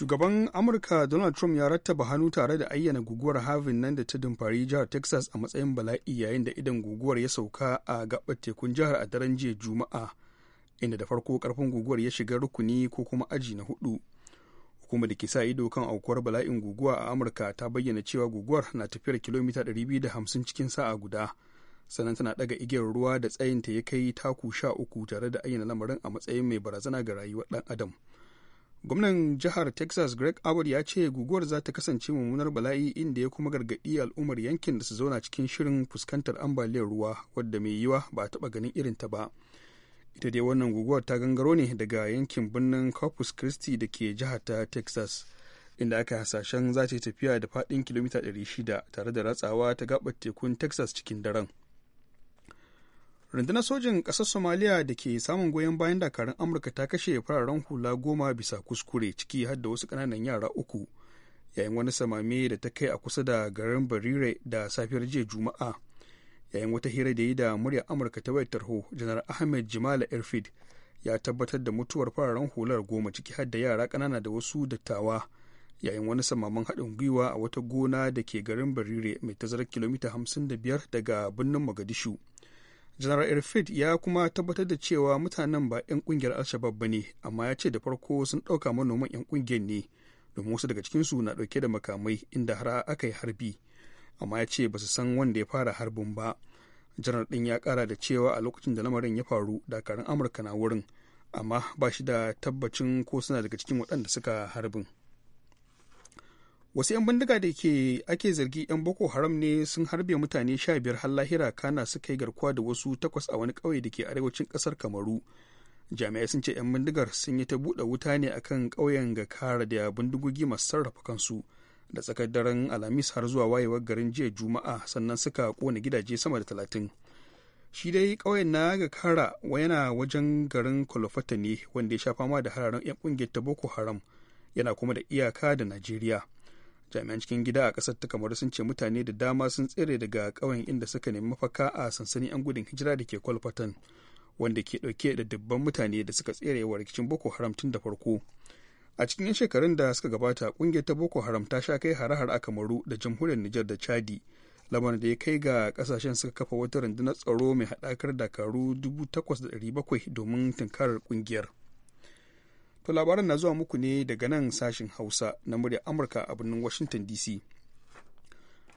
shugaban amurka donald trump ya rattaba hannu tare da ayyana guguwar harvin nan da ta dumfari jihar texas a matsayin bala'i yayin da idan guguwar ya sauka a gabar tekun jihar a daren jiya juma'a inda da farko karfin guguwar ya shiga rukuni ko kuma aji na hudu hukumar da ke sa ido kan aukuwar bala'in guguwa a amurka ta bayyana cewa guguwar na tafiyar kilomita 250 cikin sa'a guda sannan tana ɗaga igiyar ruwa da tsayinta ya kai taku sha uku tare da ayyana lamarin a matsayin mai barazana ga rayuwar dan adam gwamnan jihar texas greg abbott ya ce guguwar za ta kasance mummunar bala'i inda ya kuma gargaɗi al'ummar yankin da su zauna cikin shirin fuskantar ambaliyar ruwa wadda mai yiwa ba a taɓa ganin irin ta ba ita dai wannan guguwar ta gangaro ne daga yankin birnin corpus christi da ke jihar ta texas inda aka hasashen za ta tafiya da faɗin kilomita 600 tare da ratsawa ta gaɓar tekun texas cikin daren rundunar sojin ƙasar somaliya da ke samun goyon bayan dakarun amurka ta kashe fararen hula goma bisa kuskure ciki har wasu ƙananan yara uku yayin wani samame da ta kai a kusa da garin barire da safiyar jiya juma'a yayin wata hira da yi da murya amurka ta wayar tarho janar ahmed jimala airfield ya tabbatar da mutuwar fararen hular goma ciki har yara kanana da wasu dattawa yayin wani samaman haɗin gwiwa a wata gona da ke garin barire mai tazarar kilomita 55 daga birnin magadishu. janar irfid ya kuma tabbatar da cewa mutanen ba 'yan kungiyar alshabab ba ne amma ya ce da farko sun ɗauka manoman 'yan kungiyar ne domin wasu daga cikinsu na ɗauke da makamai inda har aka yi harbi amma ya ce ba su san wanda ya fara harbin ba janar ɗin ya kara da cewa a lokacin da lamarin ya faru dakarun amurka na wurin amma ba shi da tabbacin ko suna daga cikin waɗanda suka harbin wasu 'yan bindiga da ke ake zargi 'yan boko haram ne sun harbe mutane sha biyar har lahira kana suka yi garkuwa da wasu takwas a wani ƙauye da ke arewacin ƙasar kamaru jami'ai sun ce 'yan bindigar sun yi ta buɗe wuta ne akan ƙauyen ga kara da bindigogi masu sarrafa kansu da tsakar daren alhamis har zuwa wayewar garin jiya juma'a sannan suka kone gidaje sama da talatin shi dai ƙauyen na ga kara yana wajen garin kolofata ne wanda ya sha fama da hararen 'yan ƙungiyar ta boko haram yana kuma da iyaka da najeriya jami'an cikin gida a kasar ta kamaru sun ce mutane da dama sun tsere daga ƙauyen inda suka nemi mafaka a sansanin 'yan gudun hijira da ke kwalfatan wanda ke ɗauke da dubban mutane da suka tsere wa rikicin boko haram tun da farko a cikin 'yan shekarun da suka gabata ƙungiyar ta boko haram ta sha kai hare-hare a kamaru da jamhuriyar nijar da chadi lamarin da ya kai ga kasashen suka kafa wata rundunar tsaro mai haɗakar dakaru 8,700 domin tunkarar ƙungiyar. To labaran na zuwa muku ne daga nan sashin Hausa na muryar Amurka a birnin Washington DC.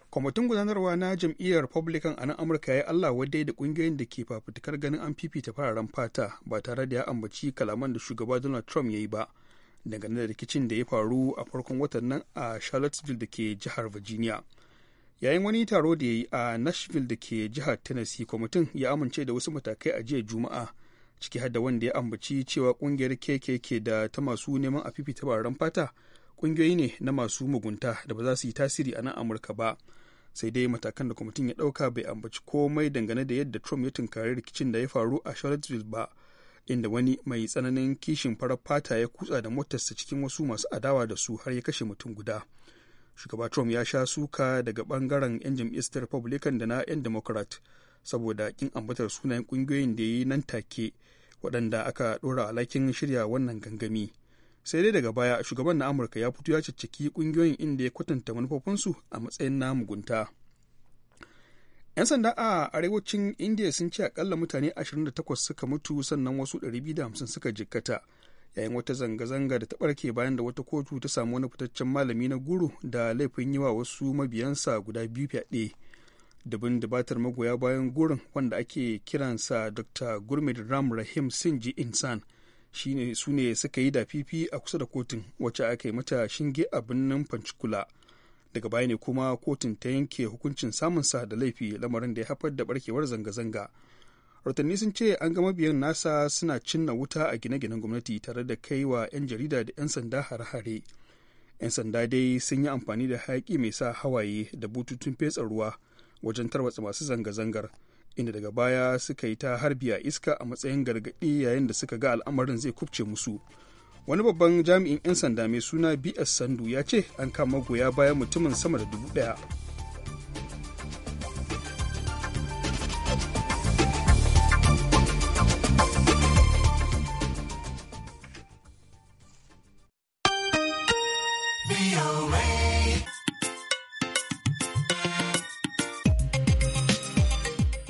Kwamitin gudanarwa na jam'iyyar Republican a nan Amurka ya yi Allah wadai da kungiyoyin da ke fafutukar ganin an fifita fararen fata ba tare da ya ambaci kalaman da shugaba Donald Trump ya yi ba dangane da rikicin da ya faru a farkon watan nan a Charlottesville da ke jihar Virginia. Yayin wani taro da ya yi a Nashville da ke jihar Tennessee, kwamitin ya amince da wasu matakai a jiya Juma'a ciki har da wanda ya ambaci cewa kungiyar kkk da ta masu neman a fifita bararen fata kungiyoyi ne na masu mugunta da ba za su yi tasiri a nan amurka ba sai dai matakan da kwamitin ya dauka bai ambaci komai dangane da yadda trump ya tunkari rikicin da ya faru a charlottesville ba inda wani mai tsananin kishin farar fata ya kutsa da motarsa cikin wasu masu adawa da su har ya kashe mutum guda shugaba trump ya sha suka daga bangaren 'yan jam'iyyar republican da na 'yan democrat saboda kin ambatar sunayen kungiyoyin da ya yi nan take waɗanda aka ɗora alhakin shirya wannan gangami sai dai daga baya shugaban na amurka ya fito ya cicciki kungiyoyin inda ya kwatanta manufofinsu a matsayin na mugunta 'yan sanda a arewacin india sun ce akalla mutane 28 suka mutu sannan wasu 250 suka jikkata yayin wata zanga-zanga da ta barke bayan da wata kotu ta samu wani fitaccen malami na guru da laifin yi wa wasu mabiyansa guda biyu fyaɗe da dubatar magoya bayan gurin wanda ake kiransa dr gurmid ram rahim sinji insan shine su ne suka yi da fifi a kusa da kotun wacce aka yi mata shinge a birnin pancikula daga baya ne kuma kotun ta yanke hukuncin samun sa da laifi lamarin da ya haifar da barkewar zanga-zanga rotanni sun ce an ga biyan nasa suna cinna wuta a gine-ginen gwamnati tare da kai wa 'yan jarida da 'yan sanda hare-hare 'yan sanda dai sun yi amfani da hayaki mai sa hawaye da bututun fetsa ruwa wajen tarwatsa masu zanga-zangar inda daga baya suka yi ta harbi a iska a matsayin gargaɗi yayin da suka ga al'amarin zai kubce musu wani babban jami'in 'yan sanda mai suna bs sandu ya ce an kama goya bayan mutumin sama da dubu daya.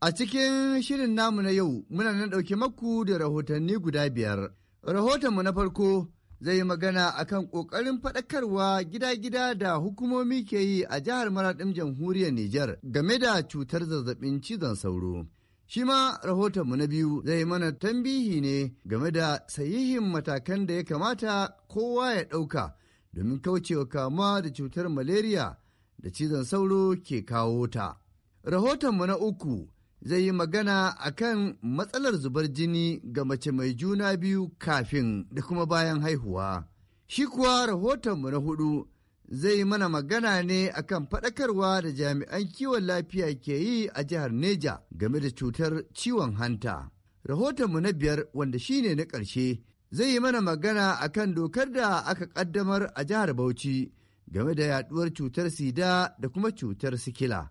A cikin shirin namu na yau muna nan ɗauke maku da rahotanni guda biyar. Rahotonmu na farko zai yi magana akan ƙoƙarin faɗakarwa gida-gida da hukumomi ke yi a jihar Maraɗin jamhuriyar Nijar game da cutar zazzabin cizon sauro. Shi ma rahotonmu na biyu zai mana tambihi ne game da sahihin matakan da ya kamata kowa ya ɗauka domin kaucewa kama da cutar malaria da cizon sauro ke kawo ta. Rahotonmu na uku zai yi magana a kan matsalar zubar jini ga mace mai juna biyu kafin da kuma bayan haihuwa. Shi kuwa rahotonmu na hudu zai yi mana magana ne a kan faɗakarwa da jami'an kiwon lafiya ke yi a jihar Neja game da cutar ciwon hanta. Rahotonmu na biyar wanda shi ne na ƙarshe zai yi mana magana a kan dokar da aka ƙaddamar a jihar Bauchi game da yaduwar cutar sida da kuma cutar sikila.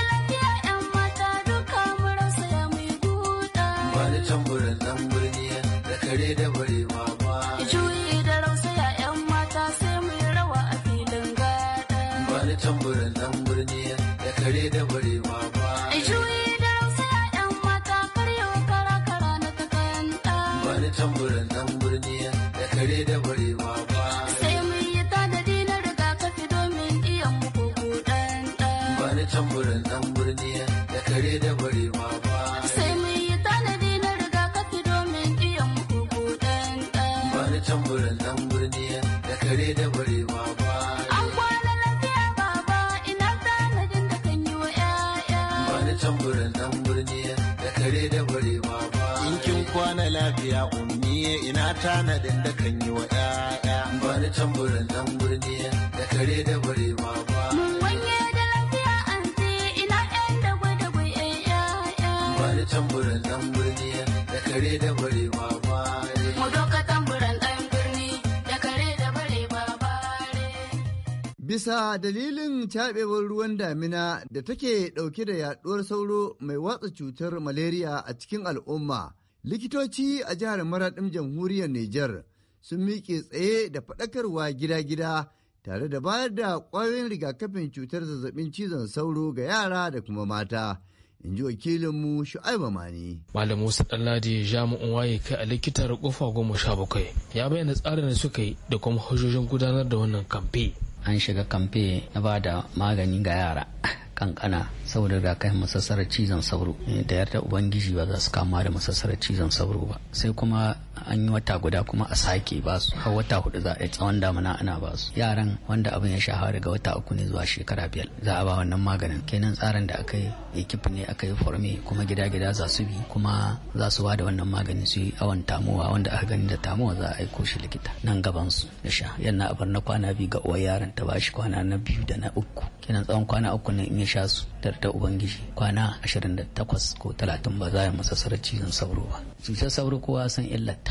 tanadin da kan yi wa ƴaƴa bani tamburin nan birni da kare da ma ba mun wanye da lafiya an ina ƴan da gwada gwai ƴaƴa bani tamburin nan birni da kare da ma ba mu doka tamburin ɗan burni da kare da ma ba bisa dalilin cabewar ruwan damina da take dauke da yaduwar sauro mai watsa cutar malaria a cikin al'umma Likitoci a jihar Maraɗin Jamhuriyar Nijar sun miƙe tsaye da faɗakarwa gida-gida tare da bayar da ƙwayoyin rigakafin cutar zazzabin cizon sauro ga yara da kuma mata. in ji wakilinmu shu'aibu mani. malam musa ɗanladi jami'in waye kai a likitar kofa goma sha bakwai ya bayyana tsarin da suka yi da kuma hujjojin gudanar da wannan kamfe. an shiga kamfe na ba da magani ga yara kankana saboda rigakafin masassarar cizon sauro eh, da yarda ubangiji ba za su kama da masassarar cizon sauro ba sai kuma an yi wata guda kuma a sake ba su har wata hudu za a tsawon damuna ana ba su yaran wanda abin ya shahara daga wata uku ne zuwa shekara biyar za a ba wannan maganin kenan tsarin da aka yi ekip ne aka yi forme kuma gida gida za su bi kuma za su ba da wannan maganin su yi awon tamuwa wanda aka gani da tamuwa za a aiko shi likita nan gaban su da sha yana abar na kwana biyu ga uwar yaron ta bashi kwana na biyu da na uku kenan tsawon kwana uku ne in ya sha su da ta ubangiji kwana ashirin da takwas ko talatin ba za a masa sarar cizon sauro ba cutar sauro kowa san illata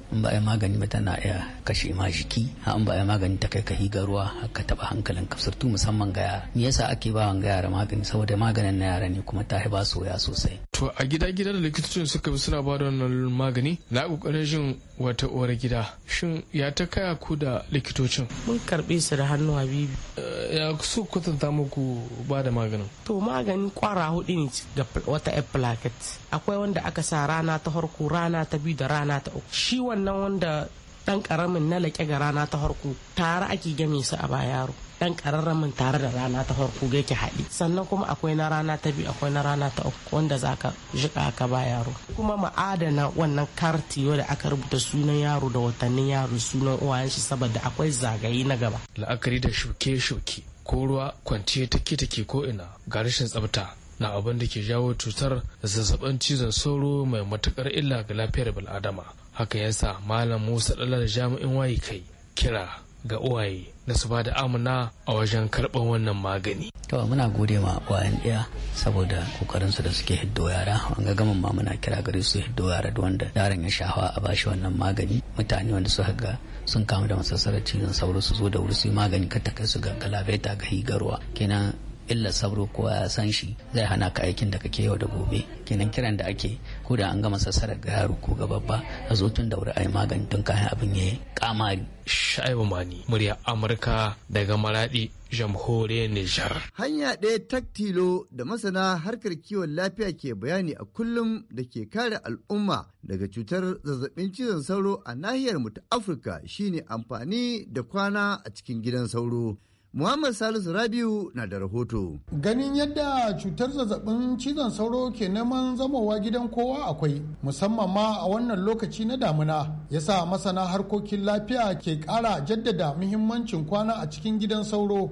in ba a yi magani ba tana iya kashe ma jiki in ba a yi magani ta kai ka higa ruwa ka taba hankalin ka musamman ga yara me yasa ake ba wa yara magani saboda maganin na yara ne kuma ta ba soya sosai to a gida gida da likitocin suka bi suna ba da wannan magani na kokarin jin wata uwar gida shin ya ta kaya ku da likitocin mun karbi su da hannu habibi eh, ya su kwatanta muku ba da maganin to maganin kwara hudu ne ga wata plaket akwai wanda aka sa rana ta harko rana ta biyu da rana ta uku shi wannan wanda dan karamin na laƙe ga rana ta harko tare ake game su a bayaro dan kararramin tare da rana ta farko ga ke haɗi sannan kuma akwai na rana ta biyu akwai na rana ta uku wanda za ka jika ka ba yaro kuma ma'adana wannan kartiyo da aka rubuta sunan yaro da watannin yaro sunan uwayen shi saboda akwai zagaye na gaba la'akari da shuke-shuke ko ruwa kwanciya take take ko ina ga rashin tsafta na abin da ke jawo cutar zazzabin cizon sauro mai matukar illa ga lafiyar bil'adama haka yasa malam musa dalar jami'in waye kai kira ga uwaye na su da amina a wajen karɓar wannan magani. To muna gode ma wayan ɗaya saboda kokarin su da suke hiddo yara an ga gaman ma muna kira gare su hiddo yara da wanda yaron ya shafa a bashi wannan magani mutane wanda suka ga sun kamu da masassarar cizon sauro su zo da wuri su yi magani ka kai su ga galabeta ga higarwa kenan illa sauro kowa ya san shi zai hana ka aikin da kake yau da gobe kenan kiran da ake ko da an gama sassarar ga yaro ko ga babba a zo tun da wuri a yi magani tun kayan abin ya yi kamari. Sha'ibu Mani, murya Amurka daga Maradi, jamhuriyar Nijar. Hanya ɗaya taktilo da masana harkar kiwon lafiya ke bayani a kullum da ke kare al'umma daga cutar zazzabin cizon sauro a nahiyar mu ta Afirka shine amfani da kwana a cikin gidan sauro. Muhammad Salisu Rabiu na da rahoto. Ganin yadda cutar zazzabin cizon sauro ke neman zamowa gidan kowa akwai musamman ma a wannan lokaci na damuna sa masana harkokin lafiya ke ƙara jaddada muhimmancin kwana a cikin gidan sauro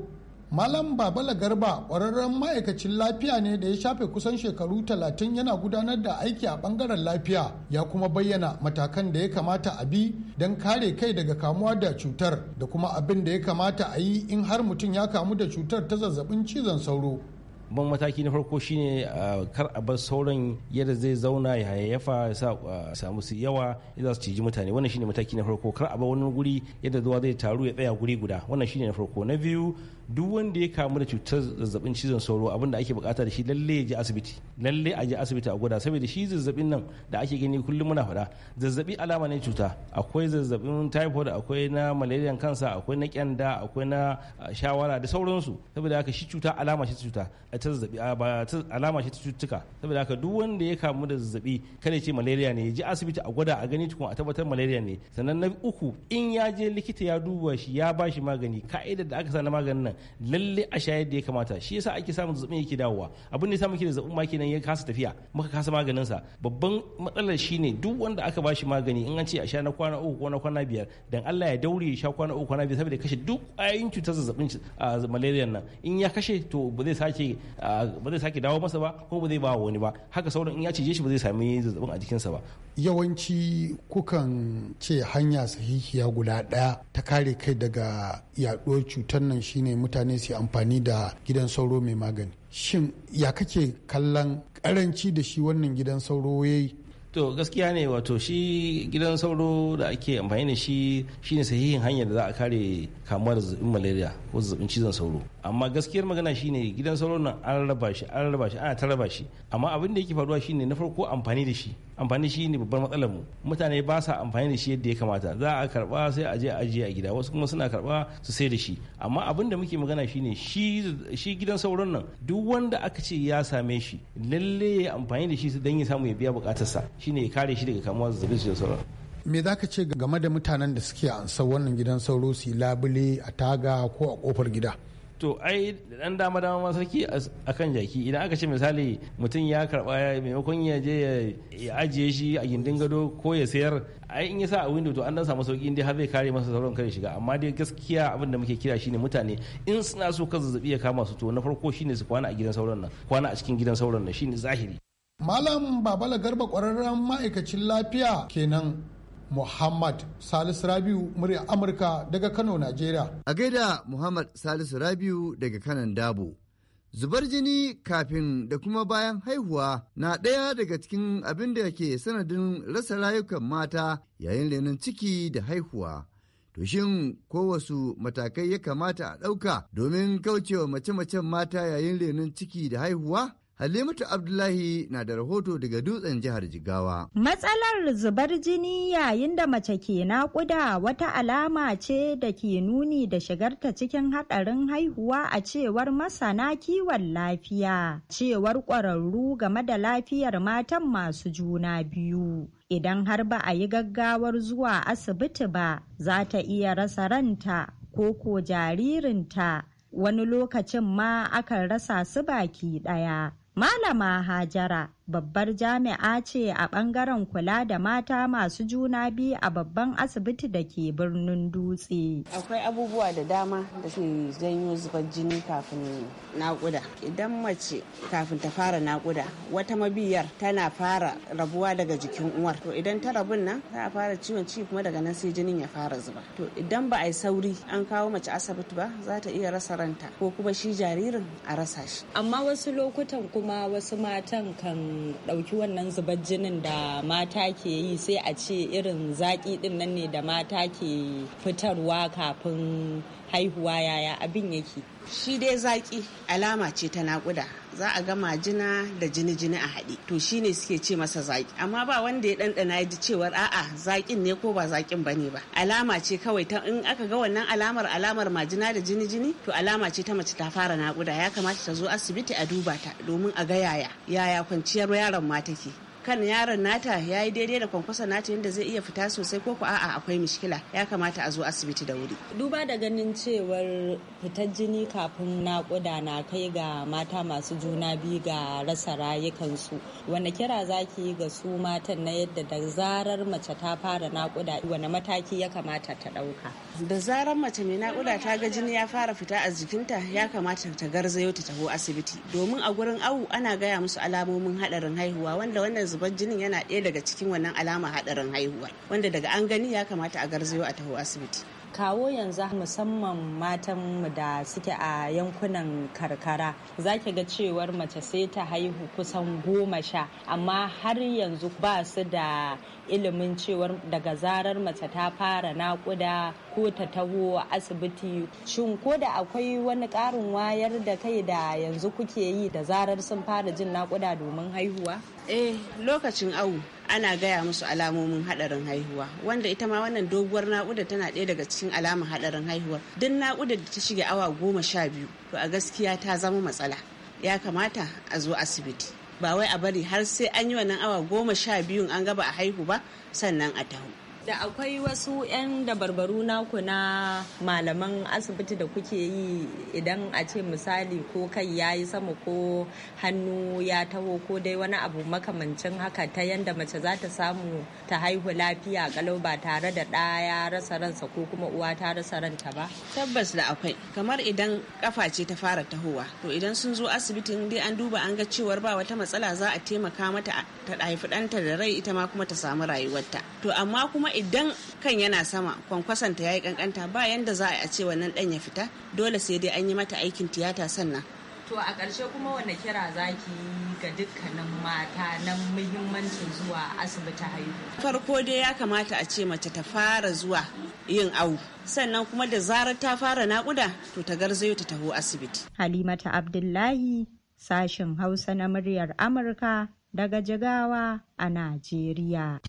Malam Babala Garba kwararren ma'aikacin lafiya ne da ya shafe kusan shekaru talatin yana gudanar da aiki a ɓangaren lafiya ya kuma bayyana matakan da ya kamata a bi don kare kai daga kamuwa da cutar da kuma abin da ya kamata a yi in har mutum ya kamu da cutar ta zazzabin cizon sauro. ban mataki na farko shine kar a bar sauran yadda zai zauna ya hayayyafa ya samu su yawa za su ciji mutane wannan shine mataki na farko kar a bar wani guri yadda zuwa zai taru ya tsaya guri guda wannan shine na farko na biyu duk wanda ya kamu da cutar zazzabin cizon sauro abin da ake bukata da shi lalle ya je asibiti lalle a je asibiti a gwada saboda shi zazzabin nan da ake gani kullum muna faɗa zazzabi alama ne cuta akwai zazzabin typhoid akwai na malaria kansa akwai na kyanda akwai na shawara da sauransu saboda haka shi cuta alama shi cuta ta zazzabi alama shi cututtuka saboda haka duk wanda ya kamu da zazzabi kada ce malaria ne ya je asibiti a gwada a gani tukun a tabbatar malaria ne sannan na uku in ya je likita ya duba shi ya ba shi magani ka'idar da aka sa na maganin nan lalle a shayar da ya kamata shi yasa ake samun zazzabin yake dawowa abin da ya samu ke da zazzabin ma kenan ya kasa tafiya muka kasa maganin sa babban matsalar ne duk wanda aka bashi magani in an ce a sha na kwana uku ko na kwana biyar dan Allah ya daure ya sha kwana uku kwana biyar saboda kashe duk ƙwayoyin cutar zazzabin malaria nan in ya kashe to ba zai sake ba zai sake dawo masa ba ko ba zai ba wani ba haka sauran in ya cije shi ba zai sami zazzabin a jikinsa ba yawanci kukan ce hanya sahihiya guda ɗaya ta kare kai daga yaɗuwar cutar nan shine mutane su amfani da gidan sauro mai magani shin ya kake kallon karanci da shi wannan gidan sauro ya yi to gaskiya ne wato shi gidan sauro da ake amfani da shi shine sahihin hanyar da za a kare kamuwa da zazzabin malaria ko zazzabin cizon sauro amma gaskiyar magana shine gidan sauro nan an raba shi an raba shi ana ta raba shi amma abin da yake faruwa shine na farko amfani da shi amfani shi ne babbar matsalar mu mutane ba sa amfani da shi yadda ya kamata za a karba sai a je a ajiye a gida wasu kuma suna karba su sai da shi amma abin da muke magana shine shi shi gidan sauron nan duk wanda aka ce ya same shi lalle ya amfani da shi su dan ya samu ya biya sa shine ya kare shi daga kamuwa zazzabin da sauran me za ka ce game da mutanen da suke ansa wannan gidan sauro su labule a taga ko a kofar gida to ai dan dama dama ma sarki kan jaki idan aka ce misali mutum ya karba maimakon ya je ya ajiye shi a gindin gado ko ya sayar ai in ya sa a window to an dan samu sauki inda har zai kare masa sauran kare shiga amma dai gaskiya abin da muke kira shine mutane in suna so ka zazzabi ya kama su to na farko shine su kwana a gidan sauran nan kwana a cikin gidan sauran nan shine zahiri malam babala garba kwararren ma'aikacin lafiya kenan Muhammad Salisu Rabiu murya Amurka daga Kano, Najeriya. A gaida Muhammad Salisu Rabiu daga kanan Dabo. Zubar jini kafin da kuma bayan haihuwa na ɗaya daga cikin abin da ke sanadin rasa rayukan mata yayin lenin ciki da haihuwa. To shin ko wasu matakai ya kamata a ɗauka domin kaucewa mace-macen mata yayin lenin ciki da haihuwa? Halimatu Abdullahi na da rahoto daga dutsen jihar Jigawa. Matsalar zubar jini yayin da mace ke naƙuda wata alama ce da ke nuni da shigarta cikin haɗarin haihuwa a cewar masana kiwon lafiya, cewar ƙwararru game da lafiyar matan masu juna biyu. Idan har ba a yi gaggawar zuwa asibiti ba, za ta iya rasa ranta ko ko jaririnta. Wani lokacin ma akan rasa su baki ɗaya. Malama Hajara babbar jami'a ce a bangaren kula da mata masu juna biyu a babban asibiti da ke birnin dutse. Akwai abubuwa da dama da ke janyo zubar jini kafin naƙuda. Idan mace kafin ta fara naƙuda wata mabiyar tana fara rabuwa daga jikin uwar. To idan ta rabun nan za fara ciwon ci kuma daga nan sai jinin ya fara zuba. To idan ba a yi sauri an kawo mace asibiti ba za ta iya rasa ranta ko kuma shi jaririn a rasa shi. Amma wasu lokutan kuma wasu matan kan ɗauki wannan zubar jinin da mata ke yi sai a ce irin zaƙi ɗin nan ne da mata ke fitarwa kafin haihuwa yaya abin yake shi dai zaki alama ce ta naƙuda za a ga majina da jini jini a haɗe to shi ne suke ce masa zaki amma ba wanda ya ɗanɗana ya ji cewar a'a zakin ne ko ba zakin bane ba alama ce kawai ta in aka ga wannan alamar alamar majina da jini jini to alama ce ta mace ta fara naƙuda ya kamata ta zo asibiti a duba ta domin a ga yaya yaya kwanciyar yaron ma take kan yaron nata ya yi daidai da kwankwasa nata yadda zai iya fita sosai ko ku a'a akwai mishkila ya kamata a zo asibiti da wuri. Duba da ganin cewar fitar jini kafin naƙuda na kai ga mata masu juna biyu ga rasa rayukansu. Wani kira za ki yi ga su matan na yadda da zarar mace ta fara naƙuda wani mataki ya kamata ta ɗauka. Da zarar mace mai naƙuda ta ga jini ya fara fita a jikinta ya kamata ta garzayo ta taho asibiti domin a gurin awu ana gaya musu alamomin haɗarin haihuwa wanda wannan zubar jinin yana ɗaya daga cikin wannan alama haɗarin haihuwa wanda daga an gani ya kamata a garzayo a taho asibiti kawo yanzu musamman matanmu da suke a yankunan karkara za ki ga cewar mace sai ta haihu kusan goma sha amma har yanzu ba su da ilimin cewar daga zarar mace ta fara nakuda ko ta taho asibiti shin ko da akwai wani karin wayar da kai da yanzu kuke yi da zarar sun fara jin nakuda domin haihuwa eh lokacin awu ana gaya musu alamomin hadarin haihuwa wanda ita ma wannan doguwar naƙuda tana ɗaya daga cikin alamar hadarin haihuwa duk naƙuda da ta shige awa goma sha biyu to a gaskiya ta zama matsala ya kamata a zo asibiti ba wai a bari har sai an yi wannan awa goma sha biyun an gaba a haihu ba sannan a taho da akwai wasu 'yan dabarbaru naku na malaman asibiti da kuke yi idan a ce misali ko kai ya yi sama ko hannu ya taho ko dai wani abu makamancin haka ta yadda mace za ta samu ta haihu lafiya kalau ba tare da ɗa ya rasa ransa ko kuma uwa ta rasa ranta ba tabbas da akwai kamar idan kafa ce ta fara tahowa to idan sun zo asibitin dai an duba an ga cewar ba wata matsala za a taimaka mata ta haifi ɗanta da rai ita ma kuma ta samu rayuwarta to amma kuma idan kan yana sama kwankwasanta ya yi kankanta ba yanda za a ce wannan dan ya fita dole sai dai an yi mata aikin tiyata sannan to a ƙarshe kuma wanda kira zaki ga dukkanin mata na muhimmancin zuwa asibiti haihu farko dai ya kamata a ce mace ta fara zuwa yin awu sannan kuma da zarar ta fara naƙuda to ta garzayo ta taho asibiti halimata abdullahi sashin hausa na muryar amurka daga jigawa a najeriya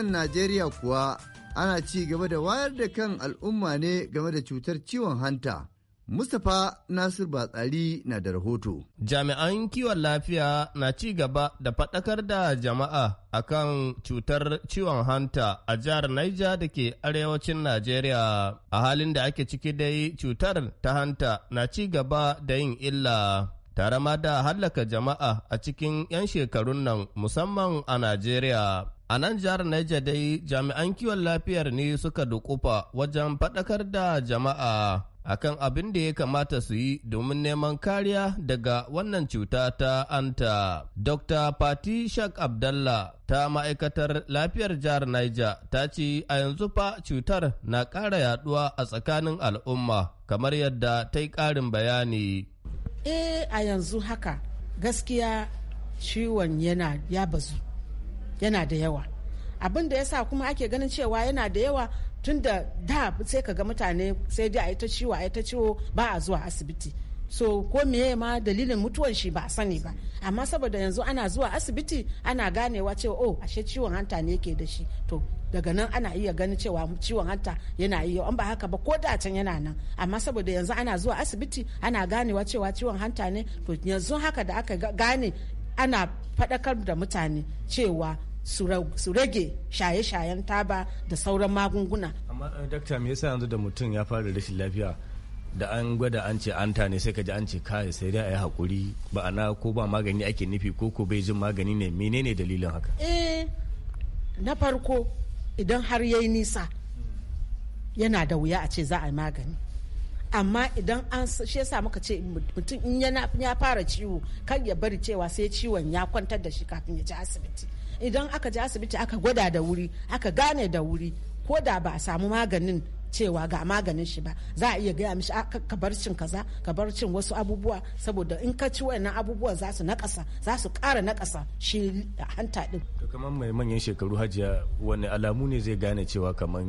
ƙasashen Najeriya kuwa ana ci gaba da wayar da kan al'umma ne game da cutar ciwon hanta. Mustapha Nasir Batsari na da rahoto. Jami'an kiwon lafiya na ci gaba da faɗakar da jama'a akan cutar ciwon hanta a jihar Niger da ke arewacin Najeriya. A halin da ake ciki dai cutar ta hanta na ci gaba da yin illa. tare ma da hallaka jama'a a cikin 'yan shekarun nan musamman a Najeriya. A nan jihar Niger dai jami'an kiwon lafiyar ne suka dukufa wajen faɗakar da jama'a akan abin da ya kamata su yi domin neman kariya daga wannan cuta ta anta. Dr. Fati Shak Abdallah ta ma'aikatar lafiyar jihar Niger ta ce a yanzu fa cutar na ƙara yaduwa a tsakanin al'umma kamar yadda ta yi ƙarin bayani. Eh a yanzu haka gaskiya ciwon yana ya bazu. yana da yawa abin da ya sa kuma ake ganin cewa yana da yawa tun da da sai ka ga mutane sai dai a yi ta ciwo a yi ta ciwo ba a zuwa asibiti so ko meye ma dalilin mutuwan shi ba sani ba amma saboda yanzu ana zuwa asibiti ana ganewa cewa oh ashe ciwon hanta ne yake da shi to daga nan ana iya ganin cewa ciwon hanta yana iya an ba haka ba ko da can yana nan amma saboda yanzu ana zuwa asibiti ana ganewa cewa ciwon hanta ne to yanzu haka da aka gane ana faɗakar da mutane cewa su rage shaye-shayen taba da sauran magunguna. Amma eh, dakta me yasa yanzu da mutum ya fara rashin lafiya da an gwada an ce an tane sai ka ji an ce kai sai dai a yi hakuri ba ana ko ba magani ake nufi ko ko bai jin magani ne menene dalilin haka? Eh na farko idan har yayi nisa yana da wuya a ce za a yi magani. amma idan an shi yasa muka ce mutum in ya fara ciwo kar ya bari cewa sai ciwon ya kwantar da shi kafin ya ji asibiti idan aka je asibiti aka gwada da wuri aka gane da wuri ko da ba a samu maganin cewa ga maganin shi ba za a iya gaya mishi ah, ka bar cin kaza ka bar cin wasu abubuwa saboda in ka ci wayannan abubuwan za su nakasa za su ƙara nakasa shi hanta din to kamar mai manyan shekaru hajiya wani alamu ne zai gane cewa kamar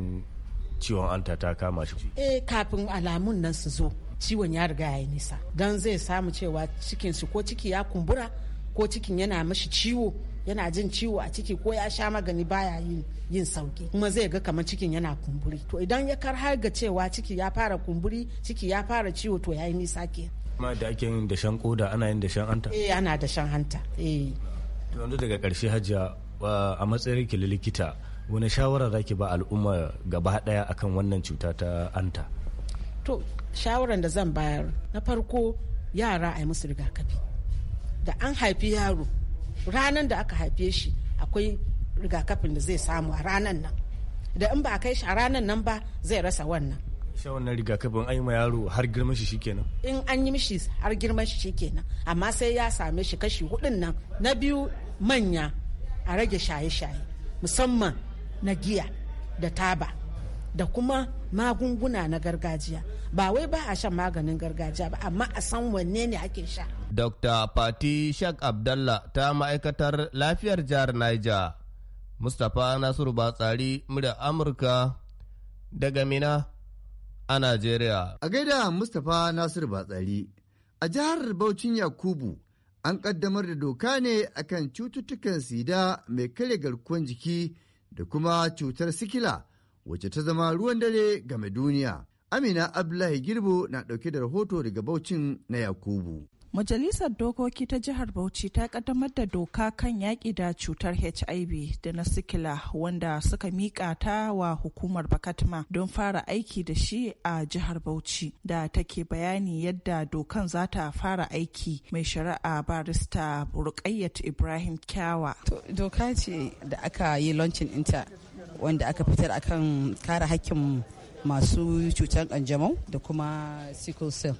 ciwon hanta ta kama shi eh kafin alamun nan su zo ciwon ya riga ya nisa dan zai samu cewa cikin shi ko ciki ya kumbura ko cikin yana mashi ciwo yana jin ciwo a ciki ko ya sha magani baya yin yin sauki kuma zai ga kamar cikin yana kumburi to idan ya kar har ga cewa ciki ya fara kumburi ciki ya fara ciwo to yayi nisa ke kuma da ake yin dashen koda ana yin dashen hanta eh ana dashen hanta eh wanda daga karshe hajja a matsayin ki likita wani shawara zaki ba al'umma gaba daya akan wannan cuta ta hanta to shawaran da zan bayar na farko yara a yi musu rigakafi da an haifi yaro ranan da aka haife shi akwai rigakafin da zai samu a ranan nan da in ba a kai shi a ranan nan ba zai rasa wannan sha wannan rigakafin an yi ma yaro har girman shi shikenan in an yi mishi har girman shi shikenan amma sai ya same shi kashi hudun nan na biyu manya a rage shaye-shaye musamman na giya da taba da kuma magunguna na gargajiya ba wai ba a shan maganin gargajiya ba amma a san wanne ne ake sha dr fati shak abdallah ta ma'aikatar lafiyar jihar niger mustapha nasiru batsari murya amurka daga mina a nigeria a gaida mustapha nasiru batsari a jihar baucin yakubu an kaddamar da doka ne akan cututtukan sida mai karya garkuwan jiki da kuma cutar sikila wacce ta zama ruwan dare game duniya. Amina Abdullahi Girbo na ɗauke da rahoto daga Baucin na Yakubu. Majalisar Dokoki ta Jihar Bauchi ta kaddamar da doka kan yaƙi da cutar HIV da na sikila wanda suka miƙa ta wa hukumar Bakatma don fara aiki da shi a Jihar Bauchi da take bayani yadda dokan za ta fara aiki mai shari'a barista Rukayyat Ibrahim Kyawa. Doka ce da aka yi launching inta wanda aka fitar a kan kare hakkin masu cutar kanjamau da kuma sickle cell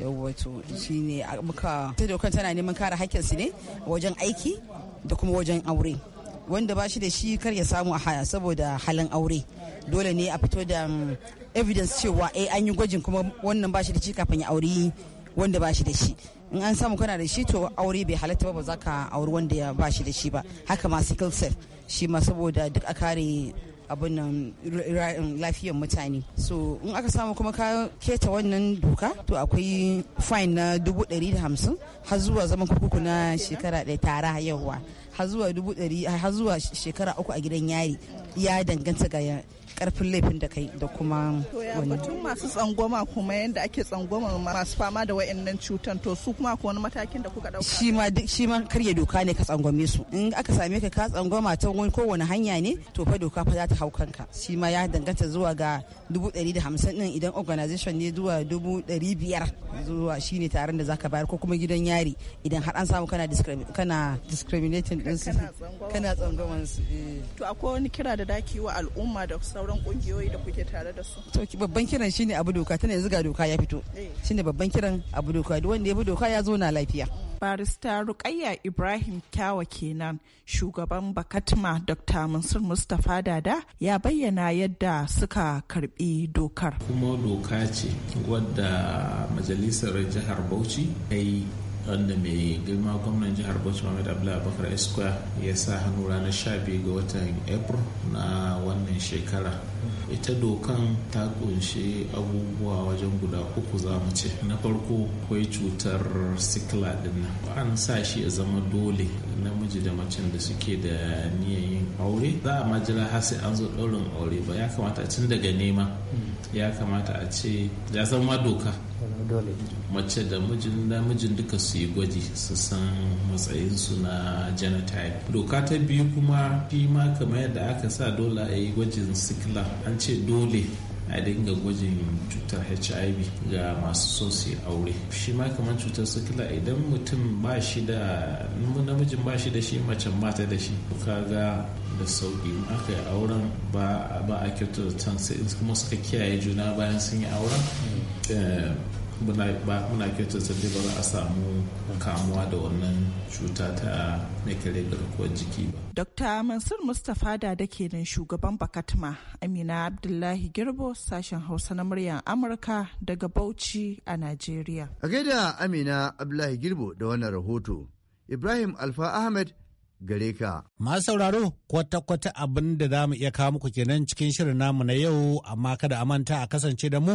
yawwato shi ne muka ta dokar tana neman kare su ne wajen aiki da kuma wajen aure wanda ba shi da shi kar ya samu a haya saboda halin aure dole ne a fito da um, evidence cewa eh an yi gwajin kuma wannan ba shi da shi kafin ya aure wanda ba shi da shi in an samu kana da shi to aure bai halatta ba ba za ka auri wanda ya ba shi da shi ba haka ma sickle cell shi ma saboda duk a kare abin nan lafiyar mutane so in aka samu kuma ka keta wannan doka to akwai fine na dubu ɗari da hamsin har zuwa zaman kurkuku na shekara ɗaya tara yawa har zuwa dubu ɗari har zuwa shekara uku a gidan yari ya danganta ga karfin laifin da kai da kuma wani. batun masu tsangwama kuma yadda ake tsangwama masu fama da wa'annan cutan to su kuma wani matakin da kuka dauka. Shi ma duk shi ma karya doka ne ka tsangwame su. In aka same ka ka tsangwama ta wani kowane hanya ne to fa doka fa za ta hau kanka. Shi ma ya danganta zuwa ga 150 din idan organization ne zuwa 500 zuwa shine taron da zaka bayar ko kuma gidan yari idan har an samu kana kana discriminating din su kana tsangwaman su eh. to akwai wani kira da daki wa al'umma da sauran kungiyoyi da kuke tare da su to babban kiran shine abu doka tana yanzu ga doka ya fito eh. shine babban kiran abu doka duk wanda ya bi doka ya zo na lafiya mm. barista Rukayya Ibrahim Kyawa kenan shugaban Bakatma Dr. Mansur Mustapha Dada ya bayyana yadda suka karbi dokar. Kuma doka ce wadda majalisar jihar Bauchi ta yi wanda mai girma gwamnan jihar bauchi mohamed abdullahi abubakar esquire ya sa hannu ranar biyu ga watan april na wannan shekara ita dokan ta kunshi abubuwa wajen guda uku za mu ce na farko kwai cutar sikila dinna an sa shi ya zama dole namiji da macen da suke da niyan yin aure za a majira har sai an zo ɗaurin aure ba ya kamata a tun daga nema ya kamata a ce ya zama doka dole mace da mijin namijin duka su yi gwaji su san matsayinsu na genotype doka ta biyu kuma shi ma kamar yadda aka sa dole a yi gwajin sikila an ce dole a dinga gwajin cutar hiv ga masu so su aure shi ma kamar cutar sikila idan mutum ba shi da namijin ba shi da shi macen mata da shi kaga da sauki aka yi auren ba a kyautar tan kuma suka kiyaye juna bayan sun yi auren mm. eh, muna kyautar zafi ba za a samu kamuwa da wannan cuta ta mai garkuwar jiki ba. Dr. Mansur Mustapha da dake nan shugaban Bakatma Amina Abdullahi Girbo sashen Hausa na muryar Amurka daga Bauchi a Najeriya. A gaida Amina Abdullahi Girbo da wannan rahoto, Ibrahim Alfa Ahmed gare ka. Ma sauraro kwata-kwata abin da za mu iya kawo muku kenan cikin shirin namu na yau amma kada a manta a kasance da mu